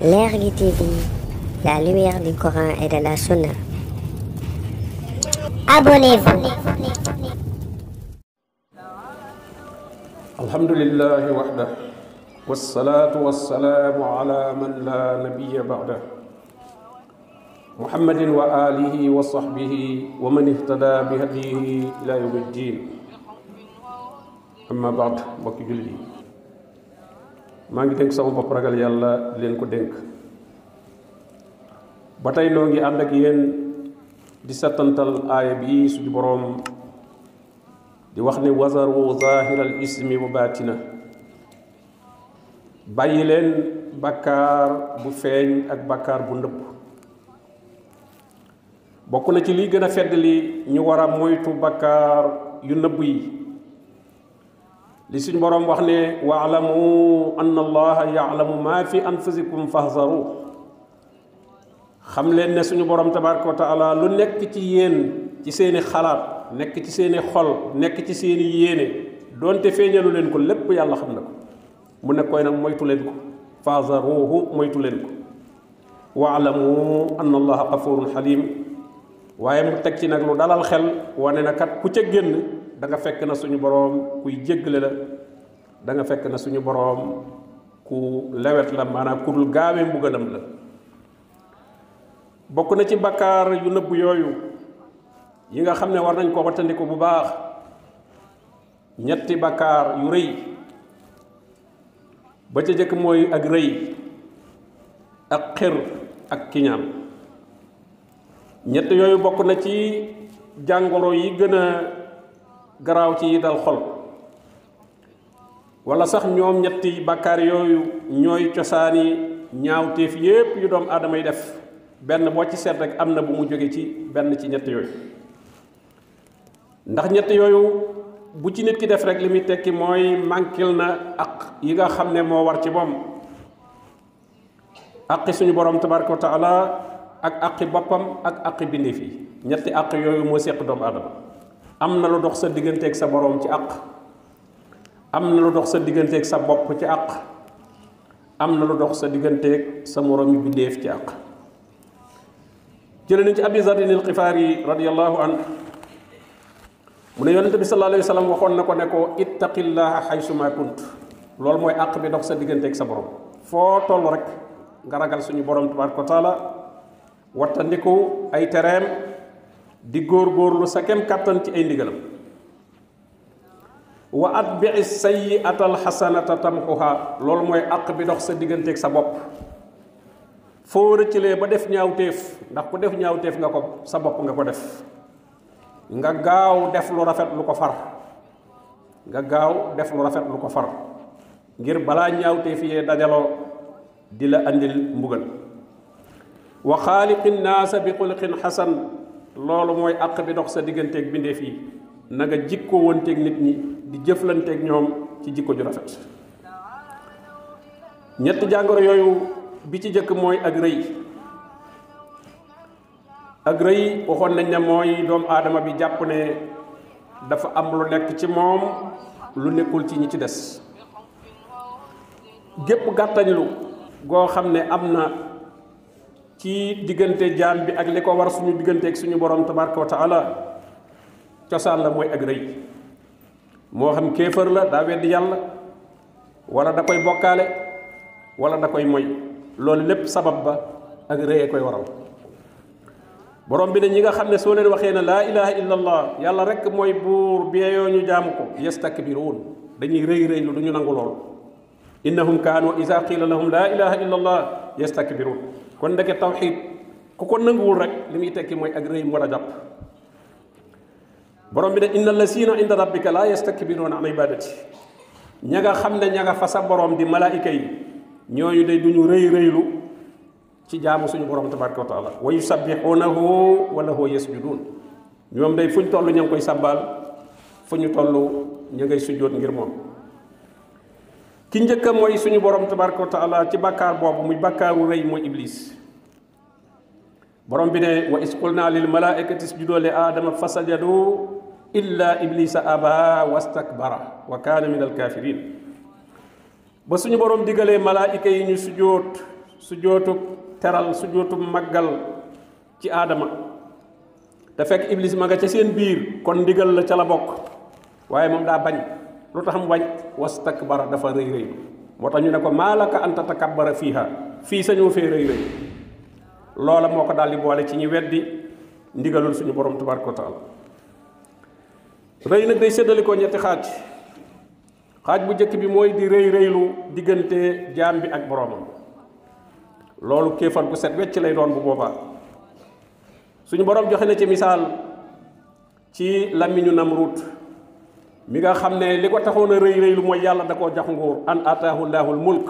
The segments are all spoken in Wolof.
L'air TV, la lumière du Coran et de la Sunna. Abonnez-vous. الحمد لله وحده والصلاة والسلام على من لا نبي بعده محمد وآله وصحبه ومن اهتدى بهديه لا يوم الدين أما بعد بك جلدي maa ngi dénk sama bopp ragal yàlla di leen ko dénk ba tey noo ngi ànd ak yéen di settantal aaya bi suñu boroom di wax ni ne wazaru zahiral ismi wa na bàyyi leen bàkkaar bu feeñ ak bàkkaar bu ndëpp bokk na ci liy gën a fedd li ñu war a moytu bàkkaar yu nëbb yi li suñ borom wax ne waalamu anna allaha ya'lamu ma fi anfusikum fahzaru xam leen ne suñu borom tabaraka wa taala lu nekk ci yéen ci seeni xalaat nekk ci seeni xol nekk ci seeni yene donte feñalu leen ko lépp yàlla xam na ko mu ne koy nak moytu leen ko fahzaruhu moytu leen ko waalamu anna allaha ghafurun halim waye mu tek ci nak lu dalal xel wane na kat ku ca génn da nga fekk na suñu borom kuy dang la da nga fekk na suñu borom ku lewet la maanaam ku dul gaawee mbugalam la bokk na ci bakkaar yu nëbb yooyu yi nga xam ne war nañ ko wattandiku bu baax ñetti bakkaar yu rëy ba ca jëkk mooy ak rëy ak xir ak kiñaan ñett yooyu bokk na ci jàngoro yi gën graw ci yi dal xol wala sax ñoom ñetti bakkar yooyu ñooy cosaani ñaawteef yépp yu doom aadama def benn boo ci seet rek am na bu mu jóge ci benn ci ñett yooyu ndax ñett yooyu bu ci nit ki def rek li muy tekki mooy mankil na ak yi nga xam ne moo war ci moom aqi suñu borom tabaraka wa taala ak aqi boppam ak aqi bindeef ñetti aq yooyu moo seq doom aadama am na lu dox sa digganteeg sa boroom ci àq am na lu dox sa digganteeg sa bopp ci àq am na lu dox sa digganteeg sa moroom yi bindéef ci àq jële nañ ci abi zardin al xifaari radiallahu an mu ne yonente bi waxoon na ko ne ko ittaqillaha xaysuma kunt loolu mooy àq bi dox sa digganteeg sa borom foo toll rek nga ragal suñu borom tabaraka wa taala wattandiku ay tereem di góorgóorlu sa kem katan ci ay ndigalam wa atbii al-hasanata tamxuha lol moy àq bi dox sa ak sa bopp ci le ba def ñaawteef ndax ku def ñaawteef nga ko sa bop nga ko def nga gaaw def lu rafet lu ko far nga gaaw def lu rafet lu ko far ngir bala ñaawteef ye dajalo dila andil mbugal wa khaliqin nas bi khulqin hasan loolu mooy àq bi dox sa digganteeg bindeef yi na nga jikkoo wanteeg nit ñi di jëflante jëflanteeg ñoom ci jikko ju rafet ñett jàngoro yooyu bi ci jëkk mooy ak rëy ak rëy waxoon nañ ne mooy doomu aadama bi jàpp ne dafa am lu nekk ci moom lu nekkul ci ñi ci des gépp gàttañlu goo xam ne am na ci diggante jaam bi ak li ko war suñu digganteek suñu borom tabaraka wa cosaan la mooy ak rëy moo xam kéefër la daa weddi yàlla wala da koy bokkaale wala da koy moy loolu lépp sabab ba ak rëyee koy waral borom bi ne ñi nga xam ne soo leen waxee ne laa ilaha illa yàlla rek mooy buur beeyoo ñu jaamu ko yastakbiruun dañuy rëy rëy lu du ñu nangu lool innahum kaanu isa qiila lahum laa ilaha illa allah yastakbiruun kon ndeke tawhid ku ko nangul rek limi tekki moy ak reey mo war a borom bi ne innal lasina inda rabbika la yastakbiruna an ibadati ñaga xamne ñaga fa sa borom di malaika yi ñooñu day duñu reey rëylu ci jaamu suñu borom tabaraka taala wa yusabbihunahu wa lahu yasjudun ñom day fuñ tollu ñang koy sabbal fuñu tollu ñagay ngir mom ki ñëkk mooy suñu borom tabaraka wa taala ci bàkkaar boobu muy bàkkaaru rëy mooy iblis borom bi ne wa isqulna lil malaikati isjudu li aadama fasajadu illa iblisa aba wastakbara wa kaana min kafirin. ba suñu borom digalee malaayika yi ñu sujoot sujootu teral sujootu maggal ci aadama te fekk iblis ma nga ca seen biir kon ndigal la ca la bokk waaye moom daa bañ lu tax mu wañ was takk bara dafa rëy rëy moo tax ñu ne ko maalaka anta takabbara fiiha fii sañoo fee rëy rëy loola moo ko daal di boole ci ñi weddi ndigalul suñu borom tabaraka wa taala rëy nag day séddalikoo ñetti xaaj xaaj bu njëkk bi mooy di rëy rëylu diggante jaam bi ak boroomam loolu kéefar gu set wecc lay doon bu boobaa suñu borom joxe na ci misaal ci làmmiñu Namruut mi nga xam ne li ko taxoon a rëy rëy mooy yàlla da koo jox nguur an ataahu llaahu l mulk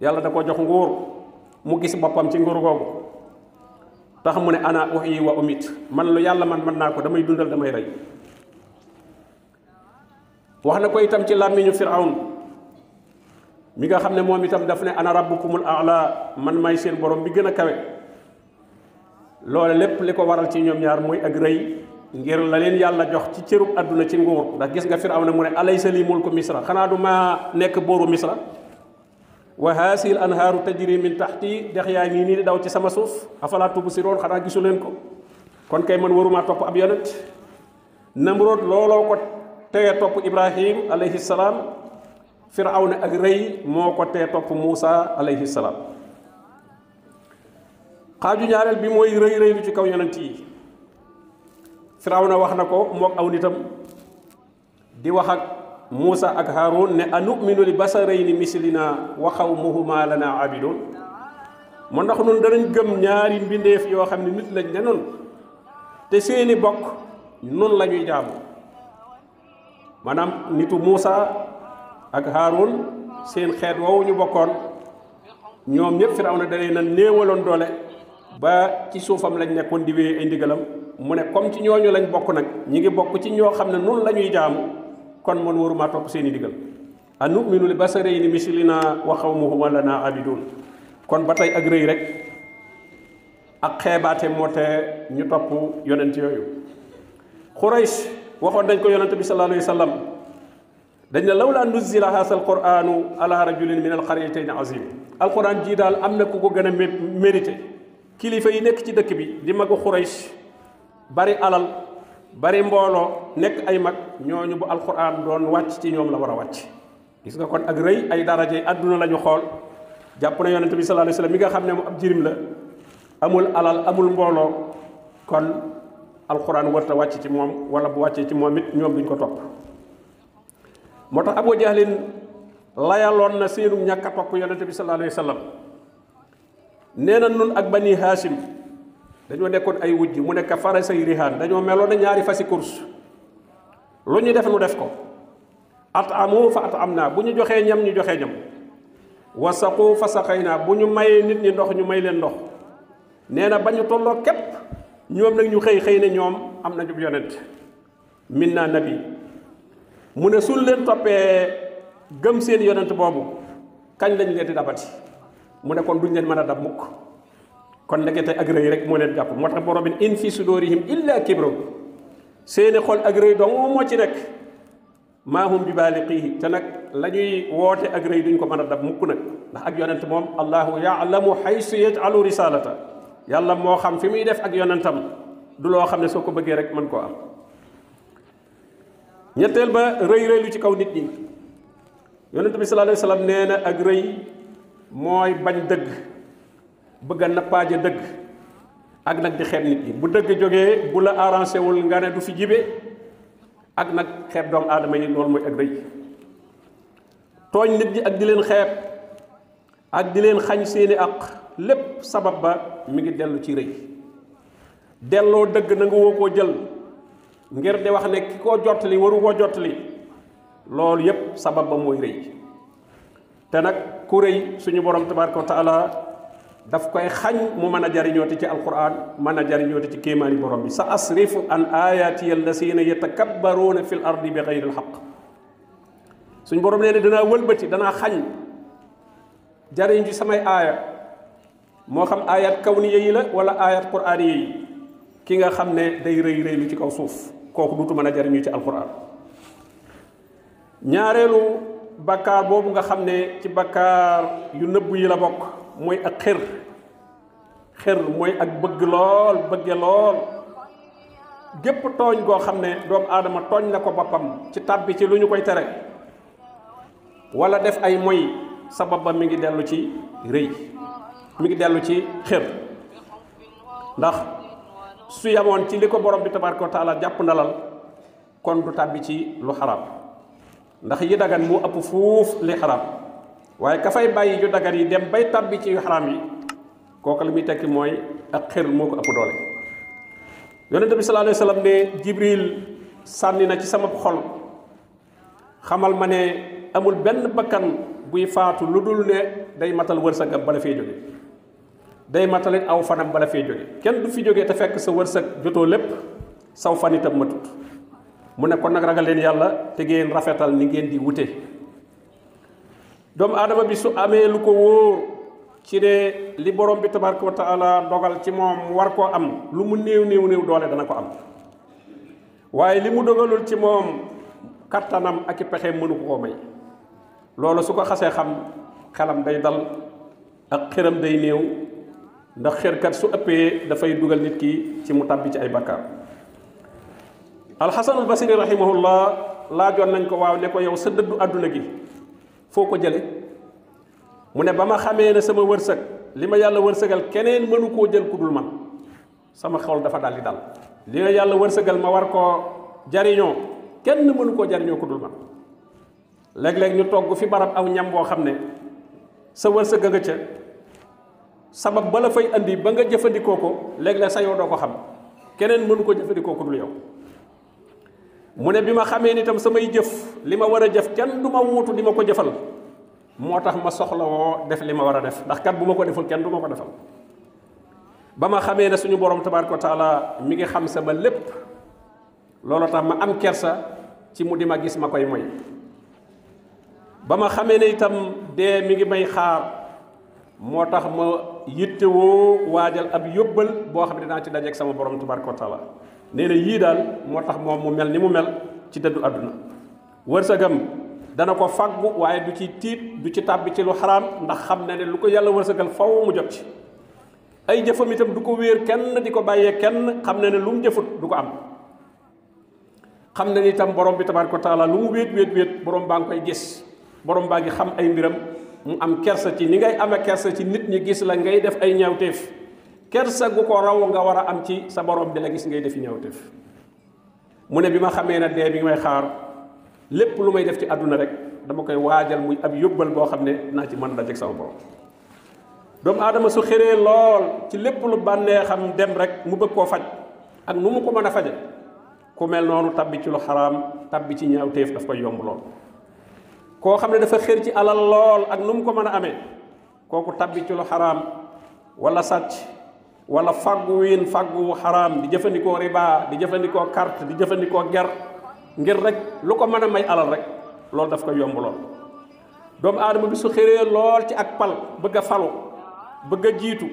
yàlla da koo jox nguur mu gis boppam ci nguur googu tax mu ne ana uhyi wa umit man lu yàlla man man naa ko damay dundal damay rey wax na ko itam ci làmmiñu firawn mi nga xam ne moom itam daf ne ana rabbukumul aala man may seen borom bi gën a kawe loole lépp li ko waral ci ñoom ñaar muy ak rëy ngir la leen yàlla jox ci cërub àdduna ci nguur ndax gis nga firawna mu ne alaysa li mulku misra xanaa du ma nekk booru misra wa hasil anharu tajri min tahti dex yaa ngi nii di daw ci sama suuf afalaa tubsiroon xanaa gisu leen ko kon kay man waruma topp ab yonent namrod looloo ko teye topp ibrahim alayhi salaam firawna ak rëy moo ko teye topp muusa alayhi salaam xaaju ñaareel bi mooy rëy rëy lu ci kaw yonent yi Firawna wax na ko mook aw nitam di wax ak Muusa ak Haaruun ne anu'minu li basarayni mislina wa qawmuhuma lana abidun mu ndax nun danañ gëm ñaari mbindeef yoo xam ne nit lañ ne nun te seeni bokk nun la ñuy jaamu maanaam nitu Muusa ak Haaruun seen xeet woowu ñu bokkoon ñoom ñëpp Firawna da leen a néewaloon doole ba ci suufam lañ nekkoon di wéy ay ndigalam mu ne comme ci ñooñu lañ bokk nag ñi ngi bokk ci ñoo xam ne nun la ñuy jaamu kon man waruma topp seen i digal a numinu li basarayni mislina wa xawmuhuma lana abidun kon ba tey ak rëy rek ak xeebaate moo tee ñu topp yonent yooyu xurays waxoon dañ ko yonent bi sallallahu alayhi wa sallam dañ ne lawla nuzila haasa alquranu ala rajulin min alqaryatayn azim jii daal am na ku ko gën a mérité kilifa yi nekk ci dëkk bi di magu xurays bari alal bari mbooloo nekk ay mag ñooñu bu alxuraan doon wàcc ci ñoom la war a wàcc gis nga kon ak rëy ay darajey àdduna la ñu xool jàpp na yonente bi sallallahu alayhi mi nga xam ne mu ab jirim la amul alal amul mbooloo kon alxuraan warta wàcc ci moom wala bu wàccee ci moom it ñoom duñ ko topp moo tax abu jahlin layaloon na seenu ñàkk a topp yonente bi sallallahu alayhi nee na nun ak bani haashim dañoo nekkoon ay wujj mu nekk farasay rihaan dañoo meloon na ñaari fasi course lu ñu def nu def ko at amu fa at am naa bu ñu joxee ñam ñu joxee ñam wasaqu fa saqay naa bu ñu mayee nit ñi ndox ñu may leen ndox nee na ba ñu tolloo képp ñoom nag ñu xëy xëy ne ñoom am na jub yonent min naa nabi mu ne suul leen toppee gëm seen yonent boobu kañ lañ leen di dabati mu nekkoon kon duñ leen mën a dab mukk kon ndekete ak rëy rek mo len jàpp motax borom bi in fi sudurihim illa kibru seen xol ak rëy dong mo ci rek ma hum bi baliqihi te nag lañuy wote ak rëy duñ ko mën dab mukk nak ndax ak yonent mom allahu ya'lamu haythu yajalu risalata yàlla mo xam fi muy def ak yonentam du lo xamne soko beugé rek man ko am ñettel ba rëy rëy lu ci kaw nit ñi yonent bi sallallahu alayhi wasallam neena ak rëy moy bañ deug bëgg a nappaaje dëgg ak nag di xeeb nit ñi bu dëgg jógee bu la arrangé wul nga ne du fi jibe ak nag xeeb doomu aadama yi loolu mooy ak rëy tooñ nit ñi ak di leen xeeb ak di leen xañ seeni àq lépp sabab ba mi ngi dellu ci rëy delloo dëgg na nga koo jël ngir di wax ne ki koo jottali waru koo loolu yépp sabab ba mooy rëy te nag ku rëy suñu borom tabaraka wa daf koy xagn mu meuna a ci alquran meuna a ci kéemaani borom bi sa asrifu an ayati allasina yatakabbaruna fil ardi bighayri alhaq suñ borom nee dana wëlbeuti dana xagn jariñ ci samay aya mo xam ayat kawniya yi la wala ayat quraniya yi ki nga xam ne day reey reey lu ci kaw suuf kooku dutu mën a jariñu ci alquran ñaareelu bakkaar boobu nga xam ne ci bakkaar yu nëbb yi la bokk mooy ak xër xër mooy ak bëgg lool bëgge lool gépp tooñ goo xam ne doomu aadama tooñ na ko boppam ci tàbbi ci lu ñu koy tere wala def ay moy sabab ba mi ngi dellu ci rëy mi ngi dellu ci xër ndax su yamoon ci li ko borom bi tabaaraka wa taala jàpp ndalal kon du tàbbi ci lu xaraam ndax yi dagan mu ëpp fuuf li xaraam waye ka fay bayyi ju dagar yi dem bay tabbi ci haram yi kooku li muy tekki salam ak ëpp doole bi sallallahu alayhi wasallam ne jibril sanni na ci sama xol xamal mané amul ben bakkan buy faatu ludul ne day matal ba la fee joge day matalit aw fanam la fee joge kenn du fi joge ta fekk sa wërsëg joto lepp saw fanitam matut mu ne kon nak ragal len yalla te geen rafetal ni geen di wute doomu aadama bi su amee lu ko wóor ci ne li borom bi tabaraka wa taala dogal ci moom war ko am lu mu néew néew néew doole dana ko am waaye li mu dogalul ci moom kattanam ak i pexe mënu ko may loolu su ko xasee xam xelam day dal ak xëram day néew ndax kat su ëppee dafay dugal nit ki ci mu tàbbi ci ay bakkaar al basri rahimahullah laajoon nañ ko waaw ne ko yow sa dëddu àdduna gi foko jele mune bama xame ne sama wërsëg lima yalla yàlla keneen mënu ko jël kudul man sama xol dafa dal di dal lima yalla yàlla jariyo, ma war ko jariño kenn mënu ko jariño kudul man leg leg ñu togg fi barab aw ñam bo xamne sa wërsëg nga ca sama bala fay andi ba nga koko, ko leg leg sa yow do ko xam keneen mënu ko yow mu ne bi ma xamee ni tam samay jëf li ma war a jëf kenn du ma wuutu di ma ko jëfal moo tax ma soxla def li ma war a def ndax kat bu ma ko deful kenn du ma ko defal ba ma xamee ne suñu borom tabaraka wa taala mi ngi xam sama lépp loolu tax ma am kersa ci mu di ma gis ma koy moy ba ma xamee ne itam dee mi ngi may xaar moo tax ma yittewoo waajal ab yóbbal boo xam ne dinaa ci dajeeg sama borom tabaraka wa taala neena yi dal motax mom mu mel ni mu mel ci deddu aduna wërsegam dana ko faggu waye du ci tit du ci tàbbi ci lu haram ndax xam na ne lu ko yalla wërsegal faaw mu jot ci ay jëfëm itam du ko wër kenn di ko kenn xam na ne lu mu jëfut du ko am xam na ni itam borom bi tabaraku taala lu mu wéet wéet wéet borom ba ngi koy gis borom ba gi xam ay mbiram mu am kersa ci ni ngay amee kersa ci nit ñi gis la ngay def ay ñaawteef kersa gu ko raw nga wara am ci sa borom di la gis ngay def ñawteef mu ne bima ma na dee bi may xaar lepp lu may def ci aduna rek dama koy wajal muy ab yobbal bo na ci man dajek sama borom dom adama su xëree lool ci lepp lu bané xam dem rek mu bëgg ko faj ak nu mu ko mëna faj ku mel nonu tabbi ci lu haram tabbi ci ñaawteef daf koy yomb lool ko dafa xër ci alal lool ak nu mu ko mëna amé koku tabbi ci lu haram wala sacc wala faggu wiin faggu xaraam di jëfandikoo riba di jëfandikoo carte di jëfandikoo ger ngir rek lu ko mën a may alal rek loolu daf ko yomb lool doomu aadama bi su xëree lool ci ak pal bëgg a falu bëgg a jiitu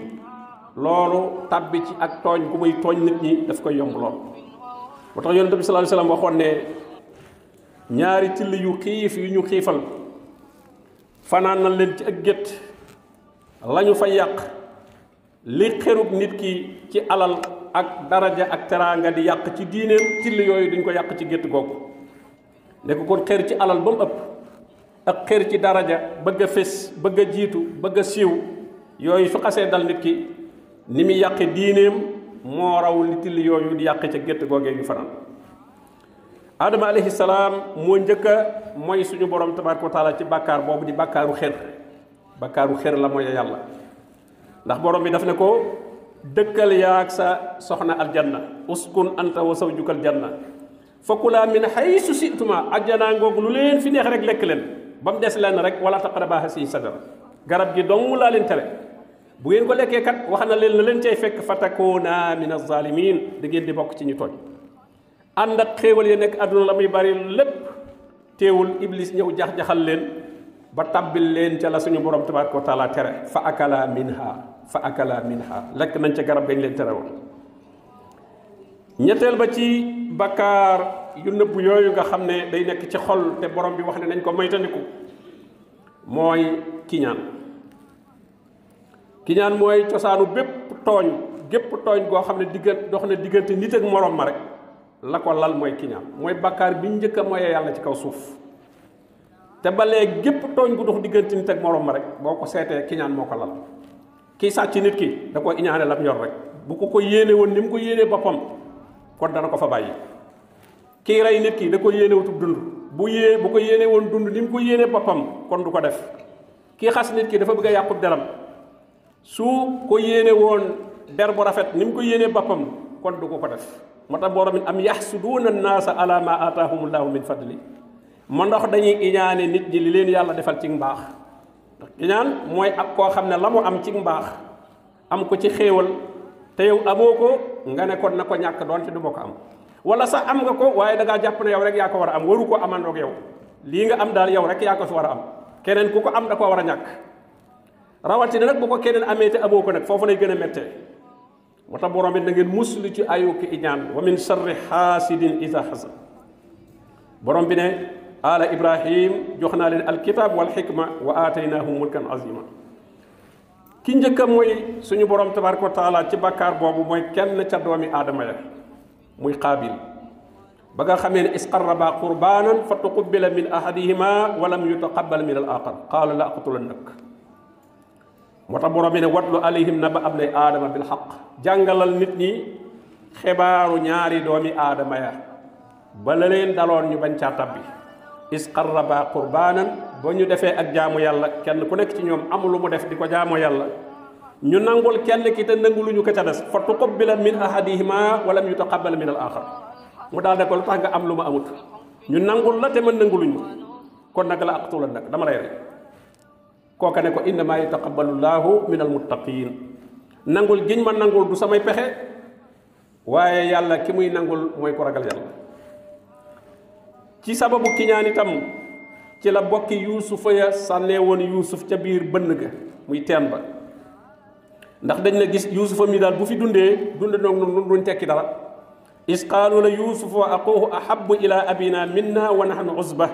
loolu tàbbi ci ak tooñ ku muy tooñ nit ñi daf koy yomb lool moo tax yonent bi sallallahu alayhi waxoon ne ñaari till yu xiif yu ñu xiifal fanaanal leen ci ak gétt lañu fa yàq li xerub nit ki ci alal ak daraja ak teranga di yak ci ci li yooyu duñ ko yak ci gettu gog ne ko kon xer ci alal bam upp ak xer ci daraja bëgg fess fés bëgg a bëgg siiw su dal nit ki ni muy yàqe diineem moo raw li till yooyu di yak ci gettu googee gi faral adama alayhi salam mo njëkk moy suñu borom tabaraka taala ci bàkkaar bobu di xer xer la moy ndax boroom bi daf ne ko dëkkal yaag sa soxna aljanna uskun anta wa zawjuka aljanna fa kulaa min haysu situma aljanaa ngoog lu leen fi neex rek lekk leen ba mu des leen rek wala taqrabaa haasihi sadara garab gi dong laa leen tere bu ngeen ko lekkee kat wax na leen la leen cay fekk fa fatakuuna min azalimin da ngeen di bokk ci ñu tooñ ànd ak xéewal yi nekk àdduna la muy bari lépp teewul iblis ñëw jax-jaxal leen ba tabbil leen ca la suñu borom tabaaraka wa tere fa akala minha fa akala minha lekk nañ ca garab gañ leen tere woon ñetteel ba ci bakkaar yu nëbb yooyu nga xam ne day nekk ci xol te borom bi wax ne nañ ko moytandiku mooy kiñaan kiñaan mooy cosaanu bépp tooñ gépp tooñ goo xam ne diggante dox na diggante nit ak morom ma rek la ko lal mooy kiñaan mooy bakkaar bi njëkk a moyee yàlla ci kaw suuf te ba léegi gépp tooñ gu dox diggante nit ak morom ma rek boo ko seetee kiñaan moo ko lal kii sàcc nit ki da koy iñaane lam yor rek bu ko ko yéene woon ni mu ko yéenee boppam kon dana ko fa bàyyi kii rey nit ki da ko yéene wutub dund bu yée bu ko yéene woon dund ni mu ko yéenee boppam kon du ko def kii xas nit ki dafa bëgg a yàqub deram su ko yéene woon bu rafet ni mu ko yéenee boppam kon du ko ko def moo tax borom am yaxsuduuna naasa ala ma aataahumullahu min fadli ma ndox dañuy iñaane nit ñi li leen yàlla defal ci baax iñaan mooy ak koo xam ne la am ci mbaax am ko ci xéewal te yow amoo ko nga ne kon na ko ñàkk doonte du ma ko am wala sax am nga ko waaye da jàpp ne yow rek yaa ko war a am waru ko amandoog yow lii nga am daal yow rek yaa ko fi war a am keneen ku ko am da koo war a ñàkk rawatina nag bu ko keneen amee te amoo ko nag foofu lay gën a méttee moo borom bi na ngeen muslu ci ayu ki iñaan wa min sharri xaasidin isa xasad borom bi ne آل إبراهيم جخنا لين الكتاب والحكمة وآتيناهم ملكا عظيما كين جكا موي سنو بروم تبارك وتعالى تي بكار بوبو موي كين تا دومي ادم يا موي قابيل بغا خامين اسقربا قربانا فتقبل من احدهما ولم يتقبل من الاخر قال لا اقتلنك موتا بروم ني واتلو عليهم نبا ابن ادم بالحق جانغالال نيت ني خبارو نياري دومي ادم يا بالالين دالون ني بانتا is qarraba qurbaanan boo ñu defee ak jaamu yàlla kenn ku nekk ci ñoom amul lu mu def di ko jaamu yàlla ñu nangul kenn ki te nanguluñu ko ca des bi tuqabbila min ahadihima wa lam yutaqabbal min al axar mu daal de ko lu tax nga am lu ma amut ñu nangul la te ma nanguluñ ma kon nag la aqtula nag dama lay rek kooka ne ko innama yutaqabbalu llaahu min al muttaqin nangul giñ ma nangul du samay pexe waaye yàlla ki muy nangul mooy ko ragal yàlla ci sababu kiñaan itam ci la bokki yusuf ya sànnee won yusuf ca biir bënn ga muy teen ba ndax dañ la gis yusuf mi daal bu fi dundee dund noog noonu duñ tekki dara is qaalu la yusuf wa aqahu ahabbu ila abina minna wa nahnu uzba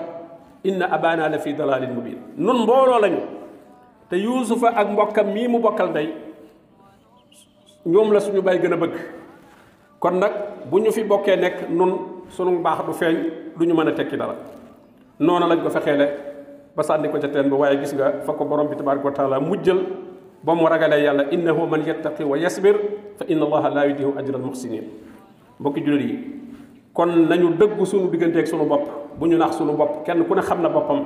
إن أبانا لفي fi مبين نون nun mbooloo lañu te yuusufa ak mbokkam mii mu bokkal ndey ñoom la suñu bay gën a bëgg kon nag bu fi bokkee nekk nun sunu mbaax du feeñ du ñu mën a tekki dara noona lañ ko fexee fexeele ba sànni ko ca teen ba waaye gis nga fa ko borom bi tabaraka wa taala mujjal ba mu ragalee yàlla innahu man yattaqi wa yasbir fa inna allaha laa yudihu ajra al muhsinin bokki jullit yi kon nañu dëgg suñu digganteeg sunu bopp bu ñu nax suñu bopp kenn ku ne xam na boppam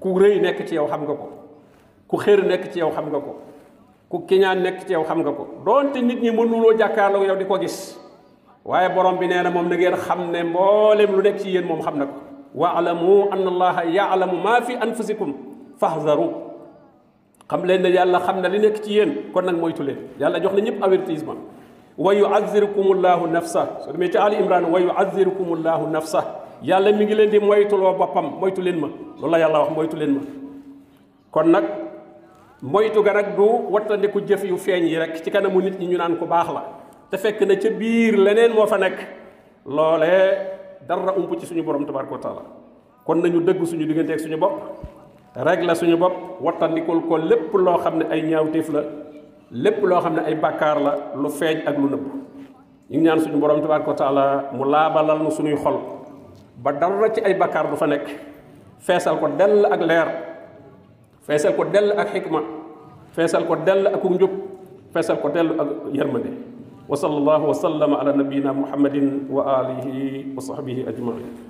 ku rëy nekk ci yow xam nga ko ku xër nekk ci yow xam nga ko ku kiñaan nekk ci yow xam nga ko doonte nit ñi mënuloo yow di ko gis waye borom bi neena mom na ngeen xamne mbollem lu nek ci yéen mom xam na ko waalamu an allaha yaalamu maa fi anfusikum fahdaru xam leen ne yàlla xam na li nek ci yéen kon nak moytu leen yàlla jox na ñep avertissement wa yuazzirukum allah nafsa so demé ci ali imran wa yuazzirukum allah nafsa yàlla mi ngi leen di moytuloo bopam moytu leen ma loolu yàlla wax moytu leen ma kon nak moytu ga nag du watandiku jëf yu feñ yi rek ci kanamu nit ñi ñu naan ko bax la te fekk na ci biir leneen moo fa nekk loolee dara umpu ci suñu borom tabaraka taala kon nañu dëgg suñu diggante ak suñu bopp rek la suñu bopp wattandikul ko lépp loo xam ne ay ñaawteef la lépp loo xam ne ay bàkkaar la lu feej ak lu nëbb ñu ñaan suñu borom tabaraka taala mu laabalal nu suñuy xol ba dara ci ay bàkkaar du fa nekk feesal ko dell ak leer feesal ko dell ak xikma feesal ko dell ak njub feesal ko dell ak yërmande وصلى الله وسلم على نبينا محمد وآله وصحبه أجمعين